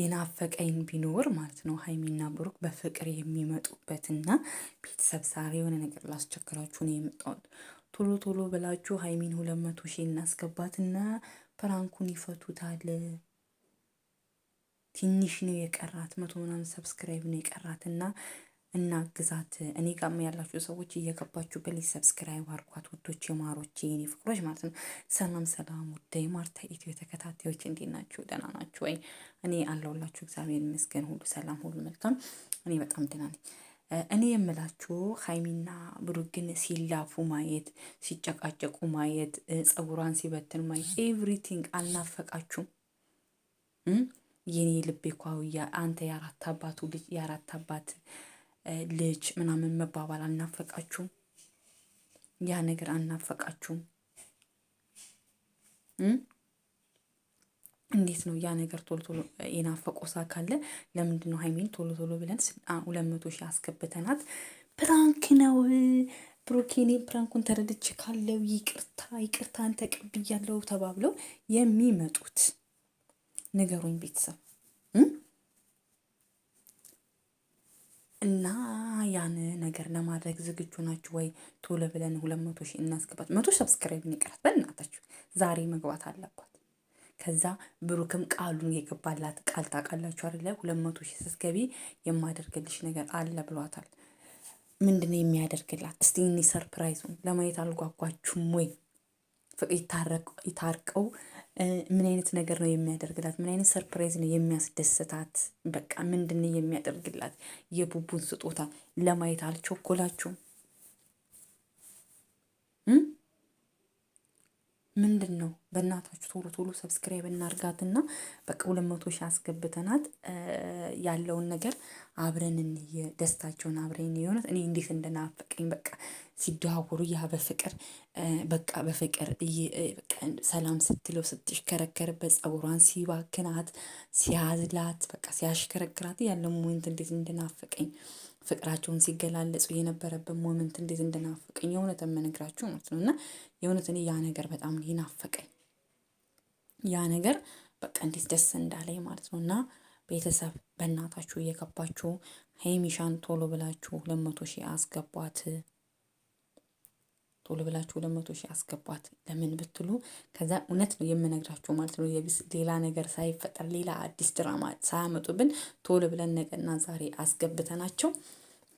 የናፈቀኝ ቢኖር ማለት ነው ሀይሚና ብሩክ በፍቅር የሚመጡበትና ቤተሰብ ዛሬ የሆነ ነገር ላስቸግራችሁ ነው የመጣሁት። ቶሎ ቶሎ ብላችሁ ሀይሚን ሁለት መቶ ሺህ እናስገባትና ፕራንኩን ይፈቱታል። ትንሽ ነው የቀራት፣ መቶ ምናምን ሰብስክራይብ ነው የቀራትና እና ግዛት እኔ ጋርም ያላችሁ ሰዎች እየገባችሁ ፕሊዝ ሰብስክራይብ አርጓት ውዶች፣ የማሮች የኔ ፍቅሮች ማለት ነው። ሰላም ሰላም፣ ውደ ማርታ ኢትዮ ተከታታዮች እንዴት ናችሁ? ደህና ናችሁ ወይ? እኔ አለሁላችሁ። እግዚአብሔር ይመስገን፣ ሁሉ ሰላም፣ ሁሉ መልካም። እኔ በጣም ደህና ነኝ። እኔ የምላችሁ ሀይሚና ብሩክን ሲላፉ ማየት፣ ሲጨቃጨቁ ማየት፣ ጸጉሯን ሲበትን ማየት ኤቭሪቲንግ አልናፈቃችሁም? የኔ ልቤ ኳውያ አንተ የአራት አባቱ ልጅ የአራት አባት ልጅ ምናምን መባባል አልናፈቃችሁም? ያ ነገር አልናፈቃችሁም? እንዴት ነው ያ ነገር ቶሎ ቶሎ የናፈቆሳ ካለ ለምንድን ነው ሀይሜን ቶሎ ቶሎ ብለን ሁለት መቶ ሺህ አስገብተናት ፕራንክ ነው ብሩኬኔ ፕራንኩን ተረድች ካለው ይቅርታ ይቅርታን ተቀብያለው ተባብለው የሚመጡት ንገሩኝ ቤተሰብ እና ያን ነገር ለማድረግ ዝግጁ ናችሁ ወይ? ቶሎ ብለን ሁለት መቶ ሺህ እናስገባት። መቶ ሰብስክራይብ ይቅራት፣ በእናታችሁ ዛሬ መግባት አለባት። ከዛ ብሩክም ቃሉን የገባላት ቃል ታውቃላችሁ አይደለ? ሁለት መቶ ሺህ ስትገቢ የማደርግልሽ ነገር አለ ብሏታል። ምንድነው የሚያደርግላት? እስቲ እኒ ሰርፕራይዙን ለማየት አልጓጓችሁም ወይ? ፍቅ ይታርቀው ምን አይነት ነገር ነው የሚያደርግላት? ምን አይነት ሰርፕራይዝ ነው የሚያስደስታት? በቃ ምንድን የሚያደርግላት? የቡቡን ስጦታ ለማየት አልቸኮላችሁም? ምንድን ነው በእናታችሁ ቶሎ ቶሎ ሰብስክራይብ እናርጋትና በቃ ሁለት መቶ ሺህ አስገብተናት ያለውን ነገር አብረን እንየ፣ ደስታቸውን አብረን የሆነት እኔ እንዴት እንደናፈቀኝ በቃ ሲደዋወሩ ያ በፍቅር በቃ በፍቅር ሰላም ስትለው ስትሽከረከርበት ጸጉሯን ሲባክናት ሲያዝላት በቃ ሲያሽከረክራት ያለ ሞመንት እንዴት እንደናፈቀኝ ፍቅራቸውን ሲገላለጹ የነበረበት ሞመንት እንዴት እንደናፈቀኝ የእውነት የምነግራችሁ ማለት ነው። እና የእውነት እኔ ያ ነገር በጣም ይናፈቀኝ። ያ ነገር በቃ እንዴት ደስ እንዳለኝ ማለት ነው። እና ቤተሰብ በእናታችሁ እየገባችሁ ሀይሚሻን ቶሎ ብላችሁ ሁለት መቶ ሺህ አስገቧት። ቶሎ ብላችሁ ሁለት መቶ ሺህ አስገቧት። ለምን ብትሉ ከዛ እውነት ነው የምነግራችሁ ማለት ነው። ሌላ ነገር ሳይፈጠር ሌላ አዲስ ድራማ ሳያመጡብን ቶሎ ብለን ነገና ዛሬ አስገብተናቸው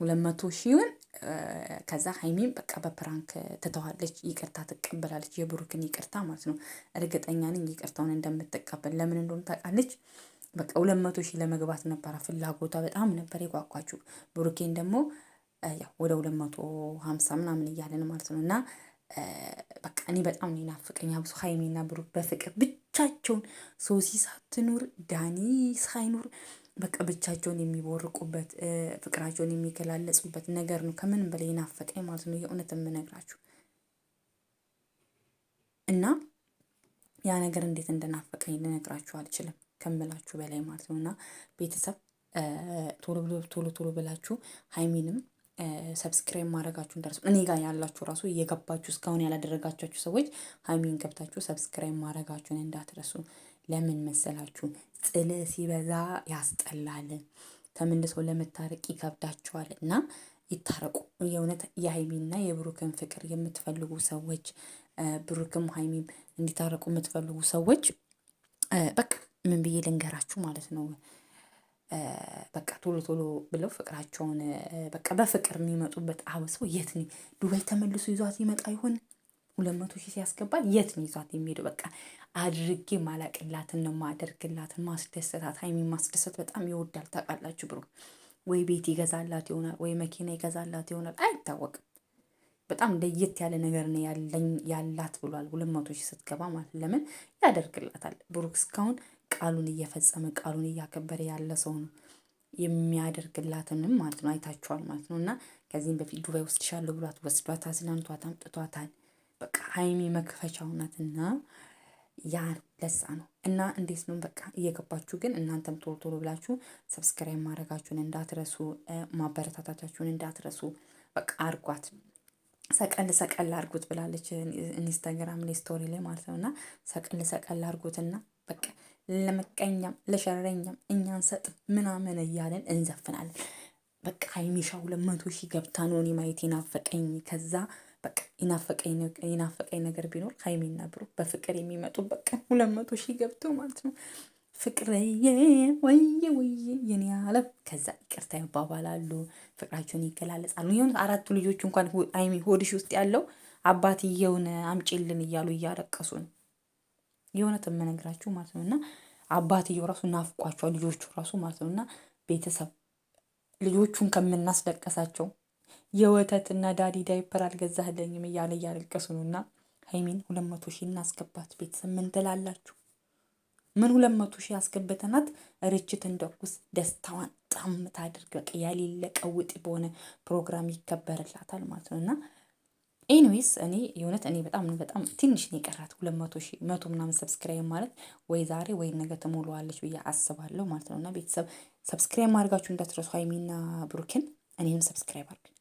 ሁለት መቶ ከዛ ሀይሚም በቃ በፕራንክ ትተዋለች፣ ይቅርታ ትቀበላለች። የብሩክን ይቅርታ ማለት ነው። እርግጠኛ ነኝ ይቅርታውን እንደምትቀበል። ለምን እንደሆነ ታውቃለች። በቃ ሁለት መቶ ሺህ ለመግባት ነበረ ፍላጎቷ። በጣም ነበር የጓጓችው። ብሩኬን ደግሞ ያው ወደ ሁለት መቶ ሀምሳ ምናምን እያለን ማለት ነው እና በቃ እኔ በጣም ነው ይናፍቀኝ ብዙ ሀይሚና ብሩክ በፍቅር ብቻቸውን ሶሲ ሳትኖር ዳኒ ሳይኑር በቃ ብቻቸውን የሚቦርቁበት ፍቅራቸውን የሚገላለጹበት ነገር ነው። ከምንም በላይ የናፈቀኝ ማለት ነው የእውነት የምነግራችሁ እና ያ ነገር እንዴት እንደናፈቀኝ ልነግራችሁ አልችልም ከምላችሁ በላይ ማለት ነው። እና ቤተሰብ ቶሎ ቶሎ ብላችሁ ሀይሚንም ሰብስክራይብ ማድረጋችሁን ደርሱ። እኔ ጋር ያላችሁ ራሱ እየገባችሁ እስካሁን ያላደረጋችሁ ሰዎች ሀይሚን ገብታችሁ ሰብስክራይብ ማድረጋችሁን እንዳትረሱ። ለምን መሰላችሁ? ጥል ሲበዛ ያስጠላል። ተመልሶ ለመታረቅ ይከብዳቸዋል እና ይታረቁ። የእውነት የሀይሚና የብሩክን ፍቅር የምትፈልጉ ሰዎች ብሩክም ሀይሚም እንዲታረቁ የምትፈልጉ ሰዎች በቃ ምን ብዬ ልንገራችሁ ማለት ነው። በቃ ቶሎ ቶሎ ብለው ፍቅራቸውን በቃ በፍቅር የሚመጡበት አብሰው የት ዱባይ ተመልሶ ይዟት ይመጣ ይሆን? ሁለት መቶ ሺህ ሲያስገባ የት ነው ይዟት የሚሄደው? በቃ አድርጌ ማላቅላትን ነው ማደርግላትን ማስደሰታት። ሀይሚ ማስደሰት በጣም ይወዳል ታውቃላችሁ። ብሩ ወይ ቤት ይገዛላት ይሆናል ወይ መኪና ይገዛላት ይሆናል አይታወቅም። በጣም ለየት ያለ ነገር ነው ያላት ብሏል። ሁለት መቶ ሺህ ስትገባ ማለት ለምን ያደርግላታል? ብሩክ እስካሁን ቃሉን እየፈጸመ ቃሉን እያከበረ ያለ ሰው ነው። የሚያደርግላትንም ማለት ነው አይታችኋል ማለት ነው። እና ከዚህም በፊት ዱባይ ወስድሻለሁ ብሏት ወስዷታ አዝናንቷት አምጥቷታል። ሀይሚ መክፈቻው ናትና ያ ለዛ ነው እና እንዴት ነው በቃ እየገባችሁ ግን እናንተም ቶሎ ቶሎ ብላችሁ ሰብስክራይብ ማድረጋችሁን እንዳትረሱ፣ ማበረታታቻችሁን እንዳትረሱ። በቃ አርጓት ሰቀል ሰቀል አርጉት ብላለች ኢንስታግራም ላይ ስቶሪ ላይ ማለት ነው። እና ሰቀል ሰቀል እና በቃ ለመቀኛም ለሸረኛም እኛን ሰጥ ምናምን እያለን እንዘፍናለን። በቃ ሀይሚሻው ለመቶ ሺህ ገብታ ነው እኔ ማየት ናፈቀኝ ከዛ በቃ የናፈቀኝ ነገር ቢኖር ሀይሚና ብሩክ በፍቅር የሚመጡ ቀን ሁለት መቶ ሺህ ገብተው ማለት ነው። ፍቅርዬ ወይ ወይ የኔ አለም ከዛ ይቅርታ ይባባላሉ፣ ፍቅራቸውን ይገላለጻሉ። ይሁን አራቱ ልጆች እንኳን ሀይሚ ሆድሽ ውስጥ ያለው አባትየውን አምጪልን እያሉ እያለቀሱ ነው። የእውነት የምነግራችሁ ማለት ነው እና አባትየው ራሱ ናፍቋቸዋል ልጆቹ ራሱ ማለት ነው እና ቤተሰብ ልጆቹን ከምናስለቀሳቸው የወተትና ዳዲ ዳይፐር አልገዛህልኝም እያለ እያለቀሱ ነው። እና ሀይሚን ሁለት መቶ ሺህ እናስገባት። ቤተሰብ ምን ትላላችሁ? ምን ሁለት መቶ ሺህ ያስገብተናት ርችት እንደኩስ ደስታዋን ጣም ታድርግ። በቃ ያሌለ ቀውጢ በሆነ ፕሮግራም ይከበርላታል ማለት ነው እና ኤኒዌይስ እኔ የእውነት እኔ በጣም በጣም ትንሽ ነው የቀራት ሁለት መቶ ሺህ መቶ ምናምን ሰብስክራይብ ማለት ወይ ዛሬ ወይ ነገ ትሞላዋለች ብዬ አስባለሁ ማለት ነው እና ቤተሰብ ሰብስክራይብ አድርጋችሁ እንዳትረሱ ሀይሚና ብሩኬን እኔንም ሰብስክራይብ አድርግ